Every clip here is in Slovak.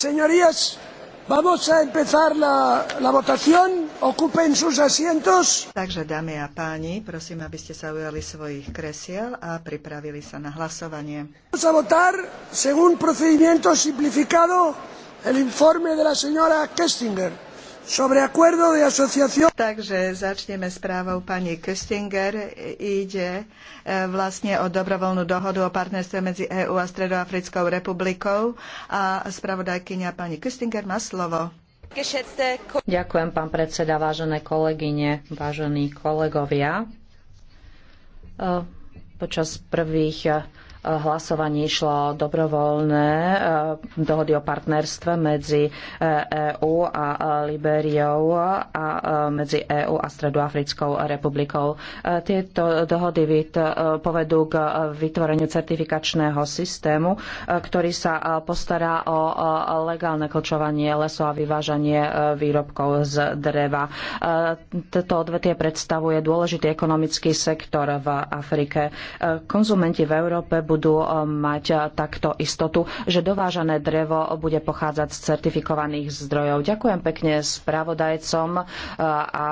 Señorías, vamos a empezar la, la votación. Ocupen sus asientos. Takže, dámy a páni, prosím, aby ste sa ujali svojich kresiel a pripravili sa na hlasovanie. Vamos a votar, según procedimiento simplificado, el informe de la señora Kestinger Takže začneme správou pani Köstinger. Ide e, vlastne o dobrovoľnú dohodu o partnerstve medzi EÚ a Stredoafrickou republikou a spravodajkyňa pani Köstinger má slovo. Ďakujem, pán predseda, vážené kolegyne, vážení kolegovia. E, počas prvých hlasovaní išlo dobrovoľné e, dohody o partnerstve medzi EÚ e a e, Liberiou a medzi EÚ a Stredoafrickou republikou. Tieto dohody povedú k vytvoreniu certifikačného systému, ktorý sa postará o legálne klčovanie lesov a vyvážanie výrobkov z dreva. Toto odvetie predstavuje dôležitý ekonomický sektor v Afrike. Konzumenti v Európe budú eh, mať eh, takto istotu, že dovážané drevo bude pochádzať z certifikovaných zdrojov. Ďakujem pekne spravodajcom eh, a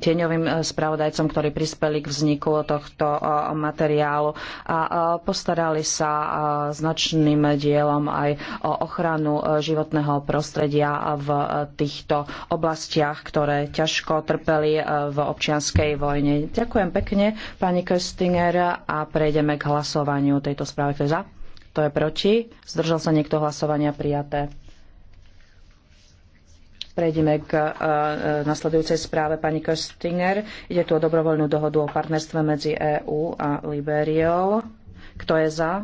tieňovým spravodajcom, ktorí prispeli k vzniku tohto materiálu a postarali sa značným dielom aj o ochranu životného prostredia v týchto oblastiach, ktoré ťažko trpeli v občianskej vojne. Ďakujem pekne, pani Köstinger, a prejdeme k hlasovaniu hlasovaniu o tejto správe. Kto je za? Kto je proti? Zdržal sa niekto hlasovania prijaté. Prejdeme k uh, nasledujúcej správe pani Köstinger. Ide tu o dobrovoľnú dohodu o partnerstve medzi EÚ a Liberiou. Kto je za?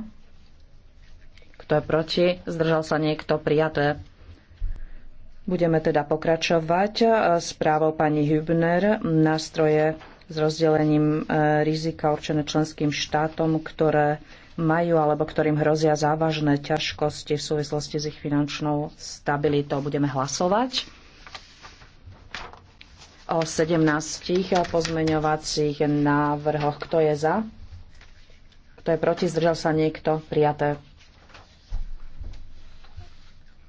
Kto je proti? Zdržal sa niekto? Prijaté. Budeme teda pokračovať e, správou pani Hübner. Nástroje s rozdelením e, rizika určené členským štátom, ktoré majú alebo ktorým hrozia závažné ťažkosti v súvislosti s ich finančnou stabilitou. Budeme hlasovať o 17 pozmeňovacích návrhoch. Kto je za? Kto je proti? Zdržal sa niekto? Prijaté.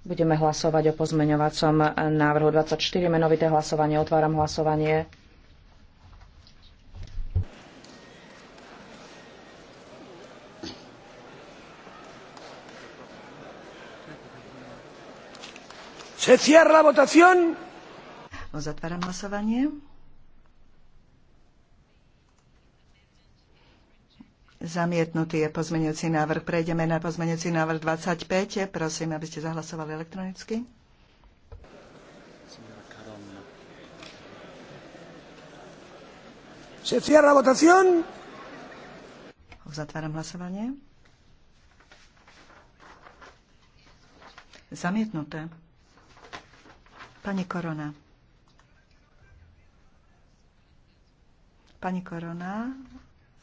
Budeme hlasovať o pozmeňovacom návrhu 24. Menovité hlasovanie. Otváram hlasovanie. Se cierra la votación. hlasovanie. Zamietnutý je pozmeňujúci návrh. Prejdeme na pozmeňujúci návrh 25. Prosím, aby ste zahlasovali elektronicky. Se cierra votación. hlasovanie. Zamietnuté. Pani Korona. Pani Korona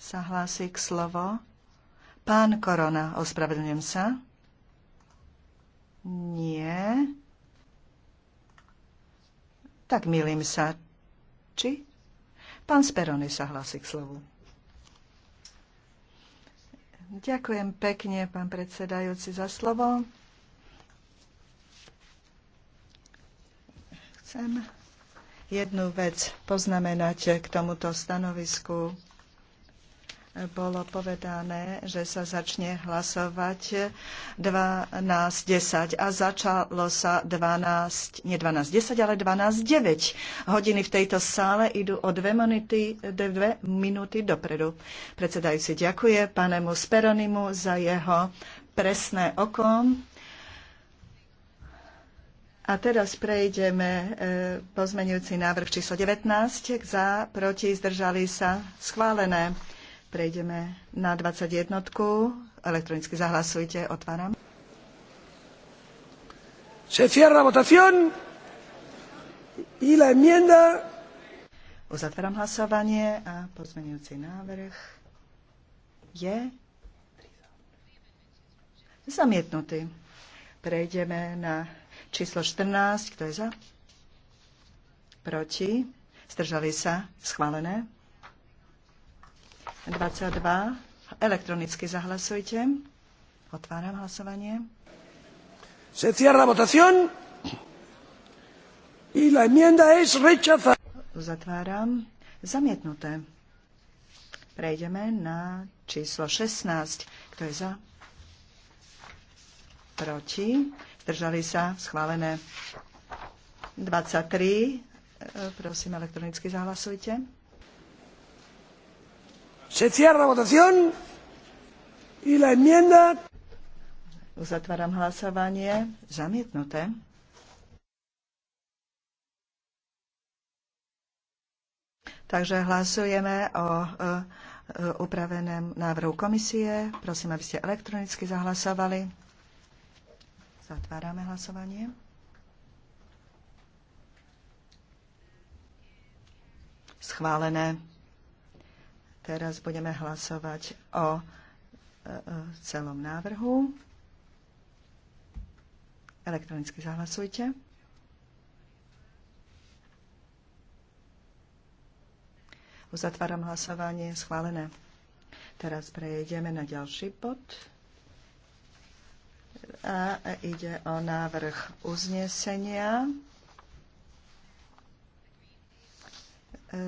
sa hlási k slovo. Pán Korona, ospravedlňujem sa. Nie. Tak milím sa. Či? Pán Sperony sa hlási k slovu. Ďakujem pekne, pán predsedajúci, za slovo. Chcem jednu vec poznamenať k tomuto stanovisku. Bolo povedané, že sa začne hlasovať 12.10 a začalo sa 12, nie 12.10, ale 12.9. Hodiny v tejto sále idú o dve minuty, dve minuty dopredu. Predsedajúci ďakuje panemu Speronimu za jeho presné oko a teraz prejdeme e, pozmenujúci návrh číslo 19. Za, proti, zdržali sa, schválené. Prejdeme na 21. Elektronicky zahlasujte, otváram. Se cierra votación y la enmienda. Uzatváram hlasovanie a pozmenujúci návrh je zamietnutý. Prejdeme na Číslo 14, kto je za? Proti? Zdržali sa? Schválené. 22. Elektronicky zahlasujte. Otváram hlasovanie. Se cierra votación y la enmienda es rechazada. Uzatváram. Zamietnuté. Prejdeme na číslo 16. Kto je za? Proti zdržali sa, schválené. 23, e, prosím, elektronicky zahlasujte. Se cierra votación y la enmienda... Uzatváram hlasovanie. Zamietnuté. Takže hlasujeme o e, e, upraveném návrhu komisie. Prosím, aby ste elektronicky zahlasovali. Zatvárame hlasovanie. Schválené. Teraz budeme hlasovať o e, e, celom návrhu. Elektronicky zahlasujte. Uzatváram hlasovanie. Schválené. Teraz prejdeme na ďalší bod. A ide o návrh uznesenia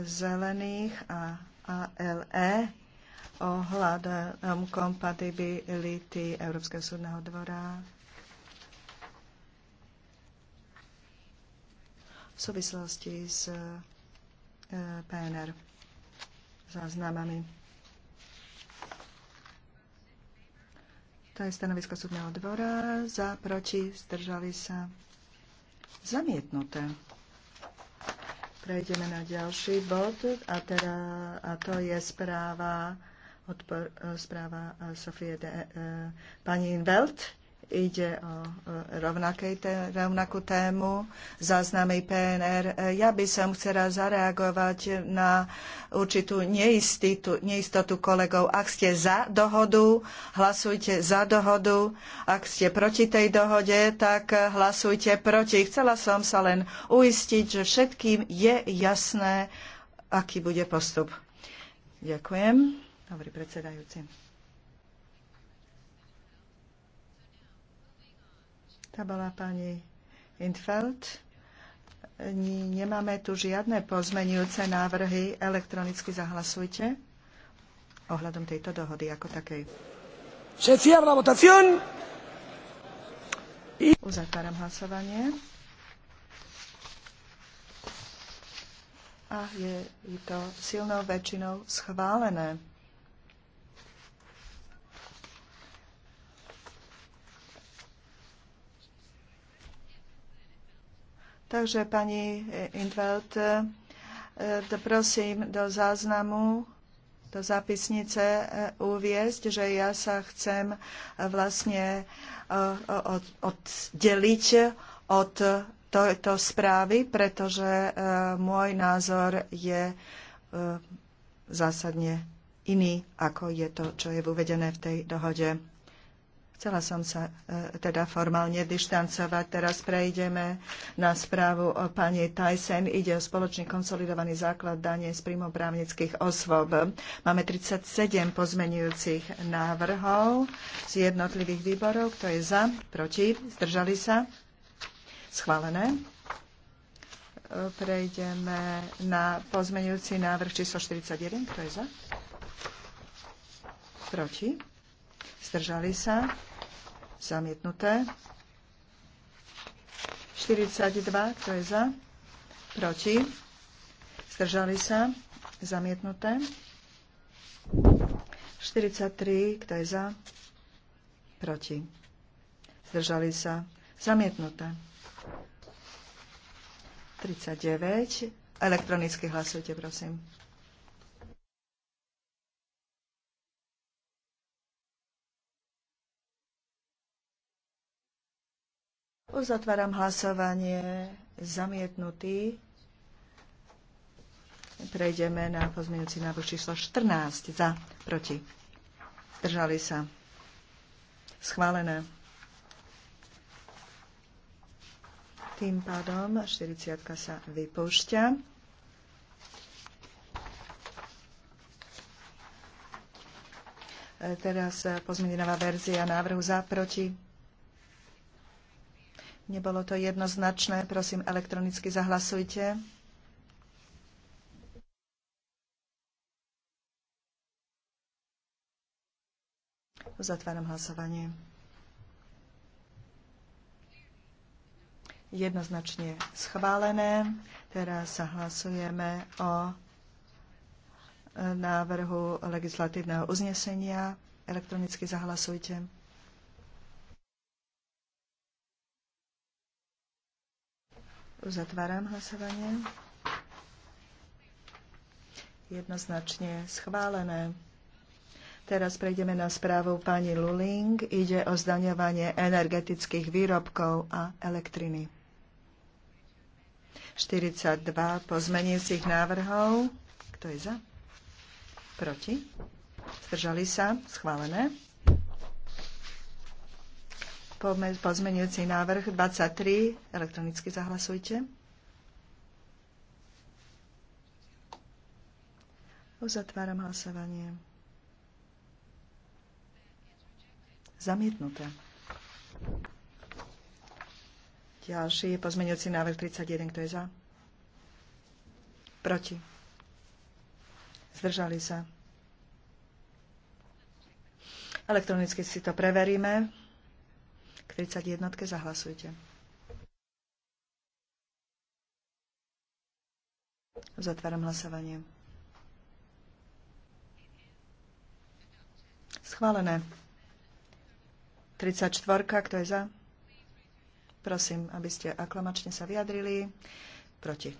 zelených a ALE hľadom kompatibility Európskeho súdneho dvora v súvislosti s e, PNR záznamami. To je stanovisko súdneho dvora. Za, proti, zdržali sa. Zamietnuté. Prejdeme na ďalší bod a, teda, a to je správa, odpor, e, správa e, Sofie de, e, e pani Invelt ide o e, té, rovnakú tému, záznamy PNR. E, ja by som chcela zareagovať na určitú neistotu kolegov. Ak ste za dohodu, hlasujte za dohodu. Ak ste proti tej dohode, tak hlasujte proti. Chcela som sa len uistiť, že všetkým je jasné, aký bude postup. Ďakujem. Dobrý predsedajúci. To bola pani Infeld. Nemáme tu žiadne pozmenujúce návrhy. Elektronicky zahlasujte ohľadom tejto dohody ako takej. Uzatváram hlasovanie. A je to silnou väčšinou schválené. Takže pani Intveld, e, prosím do záznamu, do zápisnice e, uviezť, že ja sa chcem e, vlastne oddeliť od tejto správy, pretože môj názor je zásadne iný, ako je to, čo je uvedené v tej dohode. Chcela som sa e, teda formálne dištancovať. Teraz prejdeme na správu o pani Tyson. Ide o spoločný konsolidovaný základ danie z príjmov právnických osôb. Máme 37 pozmenujúcich návrhov z jednotlivých výborov. Kto je za? Proti? Zdržali sa? Schválené. E, prejdeme na pozmenujúci návrh číslo 41. Kto je za? Proti? Zdržali sa? Zamietnuté. 42, kto je za? Proti? Zdržali sa? Zamietnuté. 43, kto je za? Proti. Zdržali sa? Zamietnuté. 39. Elektronicky hlasujte, prosím. Uzatváram hlasovanie. Zamietnutý. Prejdeme na pozmeňujúci návrh číslo 14. Za, proti. Držali sa. Schválené. Tým pádom 40 sa vypúšťa. Teraz pozmenená verzia návrhu za, proti. Nebolo to jednoznačné. Prosím, elektronicky zahlasujte. Zatváram hlasovanie. Jednoznačne schválené. Teraz sa hlasujeme o e, návrhu legislatívneho uznesenia. Elektronicky zahlasujte. Zatváram hlasovanie. Jednoznačne schválené. Teraz prejdeme na správu pani Luling. Ide o zdaňovanie energetických výrobkov a elektriny. 42 pozmeniacich návrhov. Kto je za? Proti? Zdržali sa? Schválené. Pozmenujúci návrh 23. Elektronicky zahlasujte. Uzatváram hlasovanie. Zamietnuté. Ďalší je pozmeňujúci návrh 31. Kto je za? Proti. Zdržali sa. Elektronicky si to preveríme. 41. Zahlasujte. Zatváram hlasovanie. Schválené. 34. Kto je za? Prosím, aby ste aklamačne sa vyjadrili. Proti.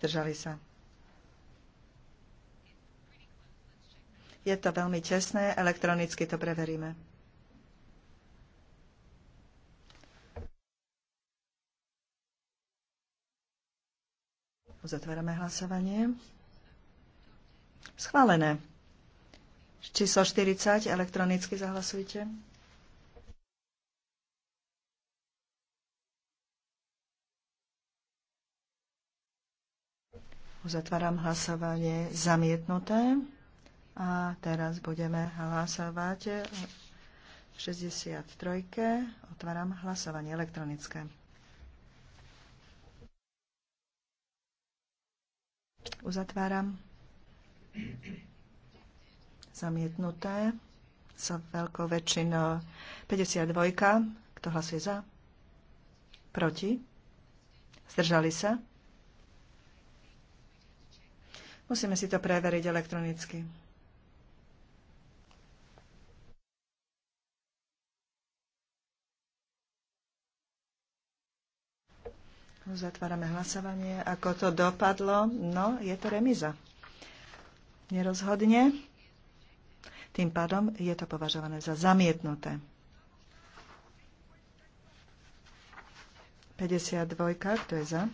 Zdržali sa. Je to veľmi česné, elektronicky to preveríme. Uzatvárame hlasovanie. Schválené. Číslo 40, elektronicky zahlasujte. Uzatváram hlasovanie zamietnuté. A teraz budeme hlasovať v 63. Otváram hlasovanie elektronické. Uzatváram. Zamietnuté sa veľkou väčšinou 52. Kto hlasuje za? Proti? Zdržali sa? Musíme si to preveriť elektronicky. Zatvárame hlasovanie. Ako to dopadlo? No, je to remiza. Nerozhodne. Tým pádom je to považované za zamietnuté. 52, kto je za?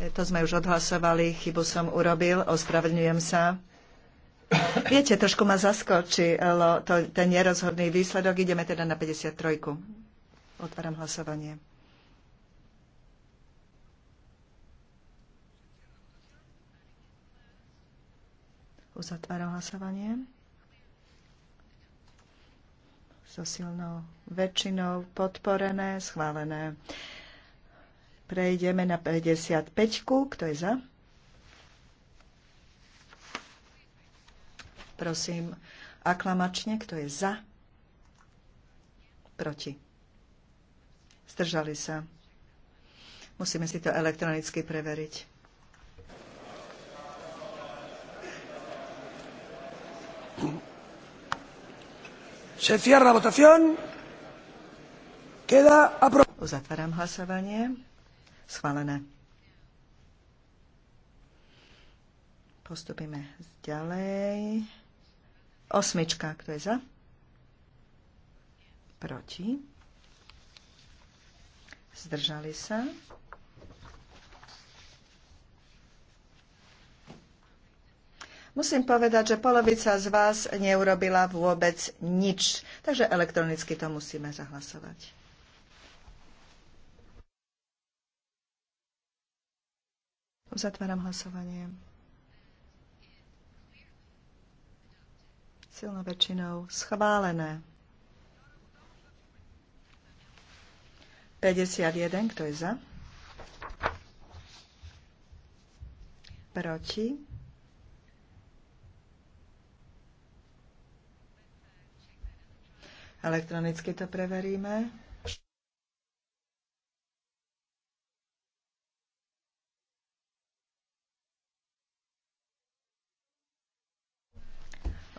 To sme už odhlasovali, chybu som urobil, ospravedlňujem sa. Viete, trošku ma zaskočilo to, ten nerozhodný výsledok. Ideme teda na 53. Otváram hlasovanie. Uzatváram hlasovanie. So silnou väčšinou podporené, schválené. Prejdeme na 55. Kto je za? Prosím, aklamačne, kto je za? Proti. Zdržali sa. Musíme si to elektronicky preveriť. Se cierra la votación. Queda aprobado. Uzatváram hlasovanie. Schválené. Postupíme ďalej. Osmička, kto je za? Proti. Zdržali sa. Musím povedať, že polovica z vás neurobila vôbec nič, takže elektronicky to musíme zahlasovať. Uzatváram hlasovanie. Silnou väčšinou schválené. 51, kto je za? Proti? Elektronicky to preveríme.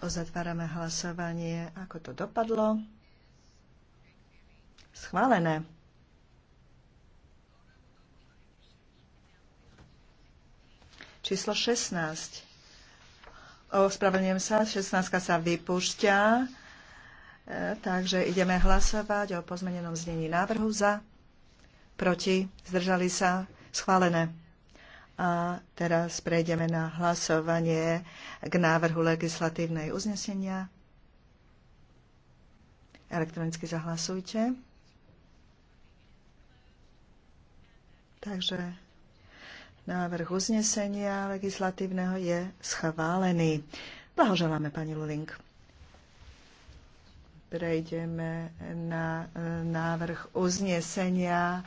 Ozatvárame hlasovanie. Ako to dopadlo? Schválené. Číslo 16. Ospravedlňujem sa, 16 sa vypúšťa. E, takže ideme hlasovať o pozmenenom znení návrhu za, proti, zdržali sa, schválené. A teraz prejdeme na hlasovanie k návrhu legislatívnej uznesenia. Elektronicky zahlasujte. Takže návrh uznesenia legislatívneho je schválený. Blahoželáme pani Luling. Prejdeme na e, návrh uznesenia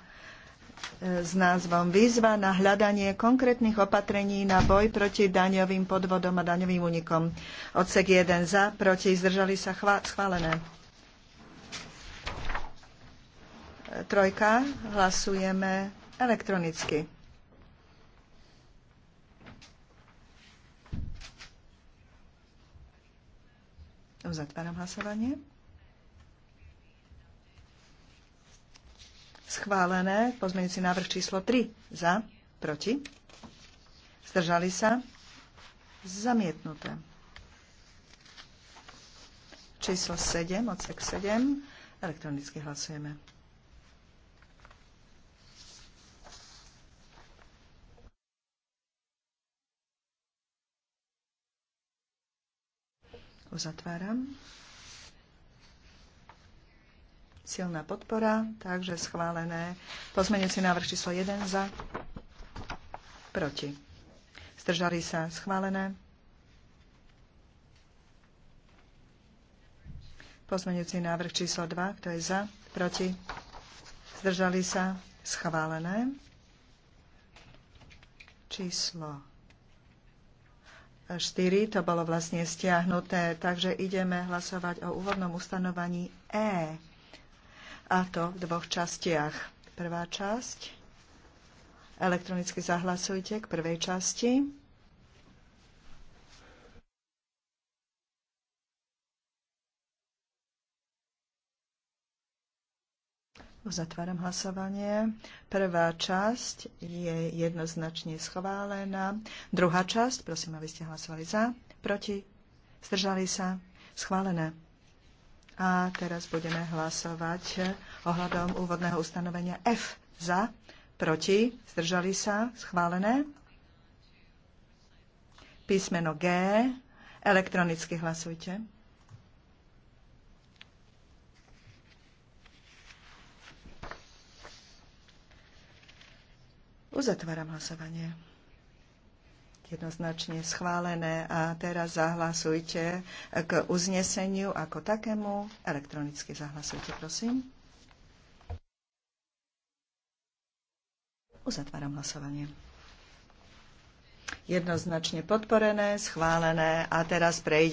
s názvom Výzva na hľadanie konkrétnych opatrení na boj proti daňovým podvodom a daňovým únikom. Odsek 1 za, proti, zdržali sa schválené. Trojka, hlasujeme elektronicky. Uzatváram hlasovanie. Schválené. Pozmeňujúci návrh číslo 3. Za. Proti. Zdržali sa. Zamietnuté. Číslo 7, odsek 7. Elektronicky hlasujeme. Uzatváram silná podpora, takže schválené. Pozmenujúci návrh číslo 1 za, proti. Zdržali sa schválené. Pozmeňujúci návrh číslo 2, kto je za, proti. Zdržali sa schválené. Číslo 4, to bolo vlastne stiahnuté, takže ideme hlasovať o úvodnom ustanovaní E a to v dvoch častiach. Prvá časť. Elektronicky zahlasujte k prvej časti. Uzatváram hlasovanie. Prvá časť je jednoznačne schválená. Druhá časť, prosím, aby ste hlasovali za, proti, zdržali sa, schválené. A teraz budeme hlasovať ohľadom úvodného ustanovenia F za, proti, zdržali sa, schválené. Písmeno G, elektronicky hlasujte. Uzatváram hlasovanie jednoznačne schválené a teraz zahlasujte k uzneseniu ako takému. Elektronicky zahlasujte, prosím. Uzatváram hlasovanie. Jednoznačne podporené, schválené a teraz prejde